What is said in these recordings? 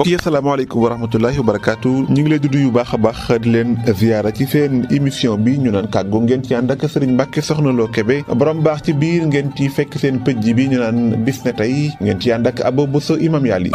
mbokk yi asalaamaaleykum wa rahmatullahi wa barakaatu ñu ngi leen duy nuyu baax a baax di leen ziyaara ci seen émission bi ñu naan kàggu ngeen ci ànd ak sëriñ Mbàkke Soxna Lo Kebe borom baax ci biir ngeen ci fekk seen pëj bi ñu naan bis ne tey ngeen ci ànd ak Abo Bousso imam Yali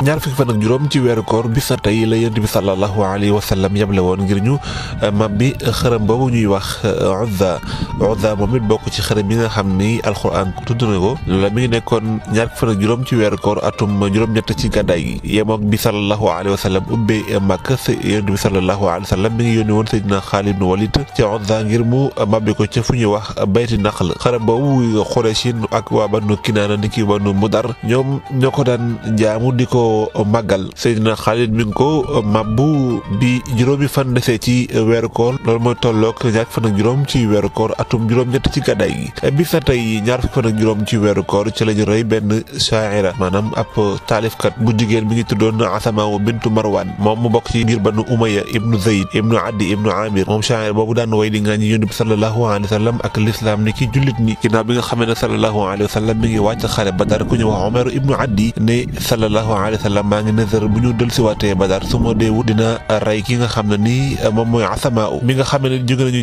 ñaar fi fan ak juróom ci weeru koor bis sa tey la yonent bi sallallahu alayhi wa sallam yable woon ngir ñu euh, mabbi euh, xërëm boobu ñuy wax euh, uzza uzza moom it bokk ci xërëm yi nga xam ni alquran tudd na ko loola mi ngi nekkoon ñaar fi fan ak juróom ci weeru koor atum juróom-ñett ci gàddaay gi yemoog bi sallallahu alayhi wa sallam ubbe màkk yonent bi sallallahu alayhi wa sallam mi ngi yónni woon Seydina ibn Walid ci uzza ngir mu mabbi ko ca fu ñuy wax bayti naql xërëm boobu xureeshin ak waa banu kinaana niki ki banu mudar ñoom ñoo ko daan jaamu di ko magal sayyidina khalid mi ko mabbu bi juroomi fan dese ci wéru koor lool moy ñaar fan ak juroom ci atom koor atum juroom ñett ci gaday gi bi sa tay ñaar fan ak juroom ci wéru koor ci lañu rey benn sha'ira manam ap talifkat bu jigen mi ngi tuddon asama wa bintu marwan mom mu bok ci ngir banu umayya ibnu zayd ibnu adi ibnu amir mom sha'ira bobu daan way di ngañ yunus sallallahu alaihi wasallam ak l'islam ni ki julit ni ginaaw bi nga xamé sallallahu alaihi wasallam mi ngi wacc ba badar ku ñu wax umar ibnu adi ne sallallahu alaihi sallam ma ngi nësër bu ñu ci waté badar su mo deewu dina ray ki nga xam ni euh, mom moy asamaau mi nga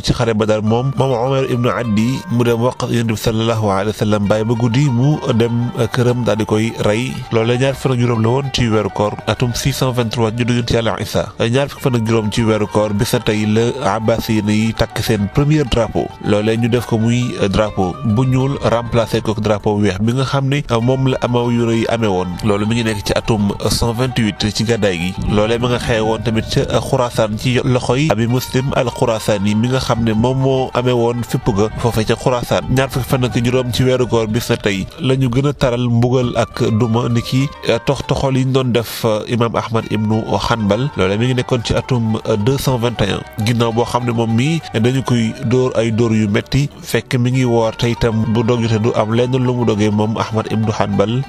ci xaré badar mom mom umar ibnu addi mu dem wax yonent sallallahu alaihi wasallam bay ba gudi mu dem euh, kërëm dal di koy ray loolu la ñaar fan ak juróom la woon ci wër koor atum 623 juddu ci yàlla isa ñaar fukk fan ak ci wër koor bi sa tay la abbasini tak seen premier drapeau loolee ñu def ko muy euh, drapeau bu ñuul remplacer ko drapeau weex bi nga xam mom la amaw yu reuy amé won loolu mi ngi nekk ci atum atum 128 ci gàddaay gi loolee ma nga xewe woon tamit ca xuraasaan ci loxoy abi muslim al xuraasaan yi mi nga xam ne moom moo amee woon fipp ga foofe ca xuraasaan ñaar fukki fan ak juróom ci weeru koor bis na tey la ñu gën a taral mbugal ak duma ni ki eh, tox toxol yi ñu doon def eh, imaam ahmad ibnu xanbal loolee mi ngi nekkoon ci atum 221 eh, ginnaaw boo xam ne moom mii dañu koy dóor ay dóor yu metti fekk mi ngi woor te tam bu dogg te du am lenn lu mu dogee moom ahmad ibnu xanbal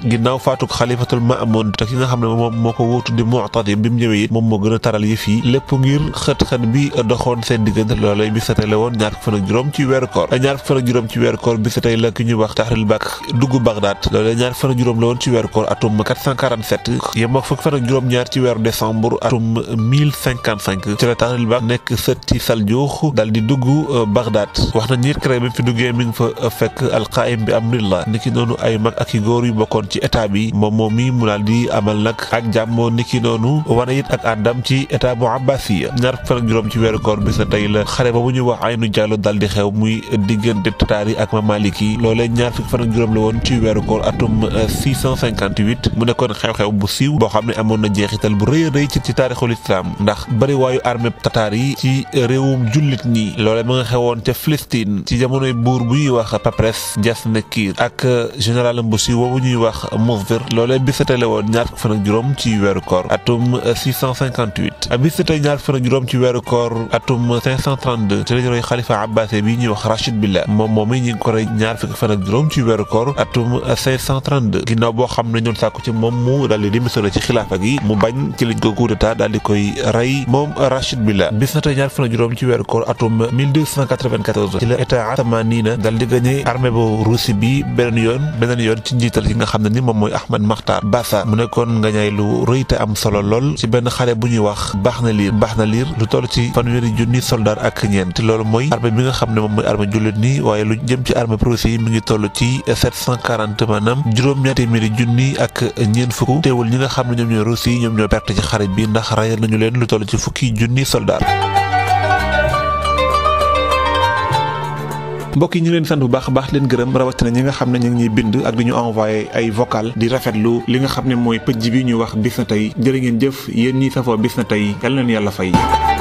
xam ne moo ko wóotu di muctadi bi mu ñëwee moom moo gën a taral yëf yi lépp ngir xët-xët bi doxoon seen diggante loolee bis tey la woon ñaar fan ak juróom ci weeru koor ñaar fan ak juróom ci weeru koor bis tey la ki ñuy wax tahril bak dugg Bagdad loolee ñaar fan ak juróom la woon ci weeru koor atum 447 yem ak fukk fan ak juróom ñaar ci weeru décembre atum 1055 ci la tahril bak nekk sët ci Saljuux dal di dugg euh, Bagdad wax na ñiit crée bi fi duggee mi ngi fa euh, fekk alqaim bi amrillah niki noonu ay mag ak i góor yu bokkoon ci état bi moom moom mi mu daal di amal ànd nag ak jàmmoo niki noonu wane it ak àndam ci état bu abbasiya ñaar fukk ak juróom ci weeru koor bi sa tey la xare ba bu ñu wax Aynu Jàllo dal di xew muy diggante tataar yi ak ma Malik yi loolee ñaar fukk fan ak juróom la woon ci weeru koor atum 658 euh, mu nekkoon xew-xew bu siiw boo xam ne amoon na jeexital bu rëy a rëy ci ci taarixul islaam ndax bariwaayu armée tataar yi ci réewum jullit ñi loolee ma nga xewoon ca Palestine ci jamonoy buur bu ñuy wax Papres Diasne Kir ak euh, général bu siiw boobu ñuy wax Muzfir loolee bi sa tey la woon fan ak juróom ci weeru koor atum 658 bis tey ñaar fan ak juróom ci weeru koor atum ci lañu roy xalifa na tey ñaar fan bu Russie bi beneen yoon beneen yoon ci njiital yi nga xam ne ni moom mooy Ahmad Makhtar Bassa mu nekkoon doon ngañay lu rëy te am solo lool ci benn xare bu ñuy wax baax na liir baax na liir lu toll ci fanweeri junni soldat ak ñeent loolu mooy armée bi nga xam ne moom mooy armée jullit nii waaye lu jëm ci armée prusse yi mi ngi toll ci 740 maanaam juróom-ñaari téeméeri junni ak ñeent fukk teewul ñi nga xam ne ñoom ñooy russe yi ñoom ñoo perte ci xare bi ndax rayal nañu leen lu toll ci fukki junni soldaar mbokk yi ñu leen sant bu baax baax leen gërëm rawatina ñi nga xam ne ñu ngi ñuy bind ak di ñu envoyé ay vocal di rafetlu li nga xam ne mooy pëj bi ñuy wax bis na tey jërë ngeen jëf yéen ñi safoo bis na tey yal na leen yàlla fay